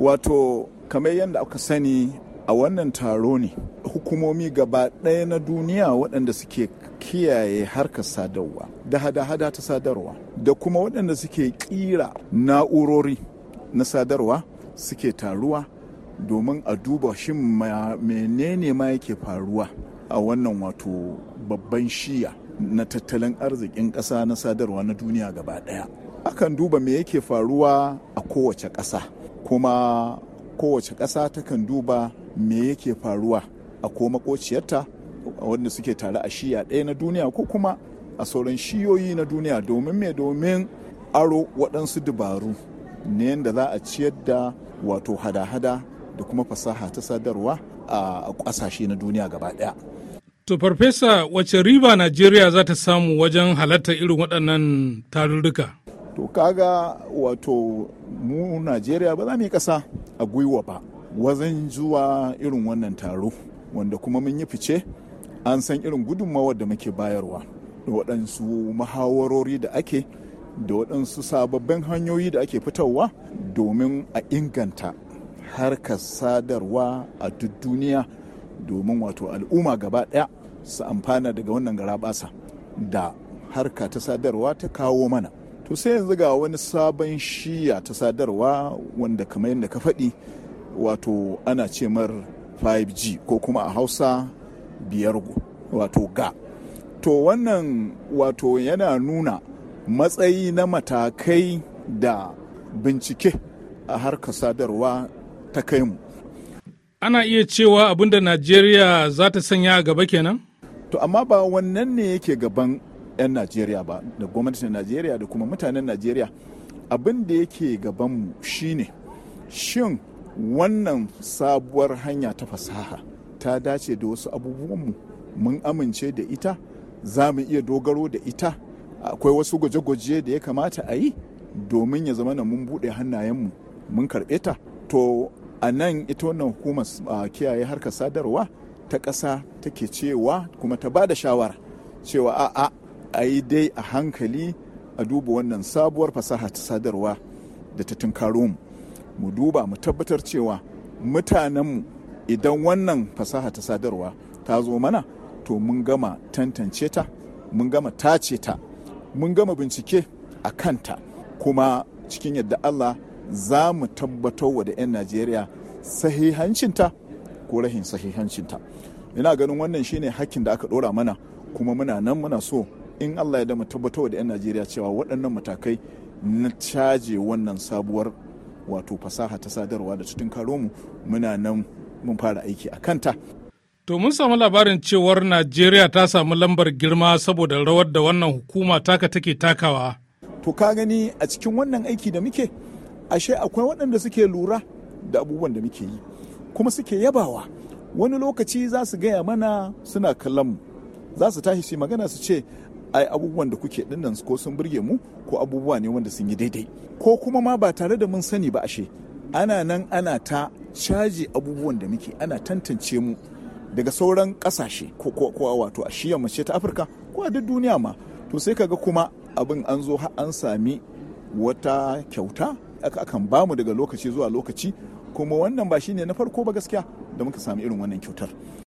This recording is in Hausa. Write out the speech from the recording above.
wato kamar yadda aka sani a wannan taro ne hukumomi gaba ɗaya na duniya waɗanda suke kiyaye harkar sadarwa da hada-hada ta sadarwa da kuma waɗanda suke ƙira na'urori na sadarwa suke taruwa domin a duba shi menene ma yake faruwa a wannan wato babban shiya na tattalin arzikin ƙasa na sadarwa na duniya gaba ɗaya akan duba me yake faruwa a kowace ƙasa kuma kowace ƙasa takan duba me yake faruwa a ko makociyarta wanda suke tare a shiya ɗaya na duniya ko kuma a sauran shiyoyi na duniya domin me domin aro waɗansu dabaru ne yadda za a ciyar da wato hada-hada da kuma fasaha ta sadarwa a ƙasashe na duniya gaba ɗaya. To farfesa wace riba Najeriya za ta samu wajen halarta irin waɗannan tarurruka? to kaga wato mu najeriya ba za mu yi kasa a gwiwa ba wajen zuwa irin wannan taro wanda kuma mun yi fice an san irin gudunmawar da muke bayarwa da waɗansu mahawarori da ake da waɗansu sababbin hanyoyi da ake fitarwa domin a inganta harkar sadarwa a duk duniya domin wato al'umma gaba ɗaya su amfana daga wannan garaɓasa da harka ta sadarwa ta kawo mana to sai yanzu ga wani sabon shiya ta sadarwa wanda kamar yadda ka faɗi wato ana ce mar 5g ko kuma a hausa biyar wato ga to wannan wato yana nuna matsayi na matakai da bincike a harkar sadarwa ta kai mu ana iya cewa abinda najeriya za ta sanya gaba kenan to amma ba wannan ne yake gaban 'yan najeriya ba da gwamnatin najeriya da kuma mutanen najeriya abin da yake gabanmu shine shin wannan sabuwar hanya ta fasaha ta dace da wasu abubuwanmu mun amince da ita za mu iya dogaro da ita akwai wasu gwaje-gwaje da ya kamata a yi domin ya zama na mun buɗe hannayenmu mun karɓe ta to a nan ita wannan hukumar kiyaye harkar sadarwa ta ƙasa take cewa kuma ta ba da shawara cewa a'a a yi dai a hankali a duba wannan sabuwar fasaha ta sadarwa da ta tunkaro mu mu duba mu tabbatar cewa mutanenmu idan wannan fasaha ta sadarwa ta zo mana to mun gama tantance ta mun gama tace ta mun gama bincike a kanta kuma cikin yadda allah za mu tabbatar wa da 'yan najeriya sahihancinta ko rahin sahihancinta ina ganin wannan shine hakkin da aka dora mana kuma muna nan muna so in allah ya da mu da 'yan najeriya cewa waɗannan matakai na caje wannan sabuwar wato fasaha ta sadarwa da cikin karo mu muna nan mun fara aiki a kanta To mun samu labarin cewar Najeriya ta samu lambar girma saboda rawar da wannan hukuma taka take takawa. To ka gani a cikin wannan aiki da muke, ashe akwai waɗanda suke lura da abubuwan da muke yi, kuma suke yabawa. Wani lokaci za su gaya mana suna kallon mu, za su tashi su magana su ce, ai abubuwan da kuke dinnan ko sun burge mu ko abubuwa ne wanda sun yi daidai ko kuma ma ba tare da mun sani ba ashe ana nan ana ta caji abubuwan da muke ana tantance mu daga sauran kasashe ko wato a shiya mace ta afirka ko a duk duniya ma to sai kaga kuma abin an zo har an sami wata kyauta akan bamu daga lokaci zuwa lokaci kuma wannan ba shine na farko ba gaskiya da muka sami irin wannan kyautar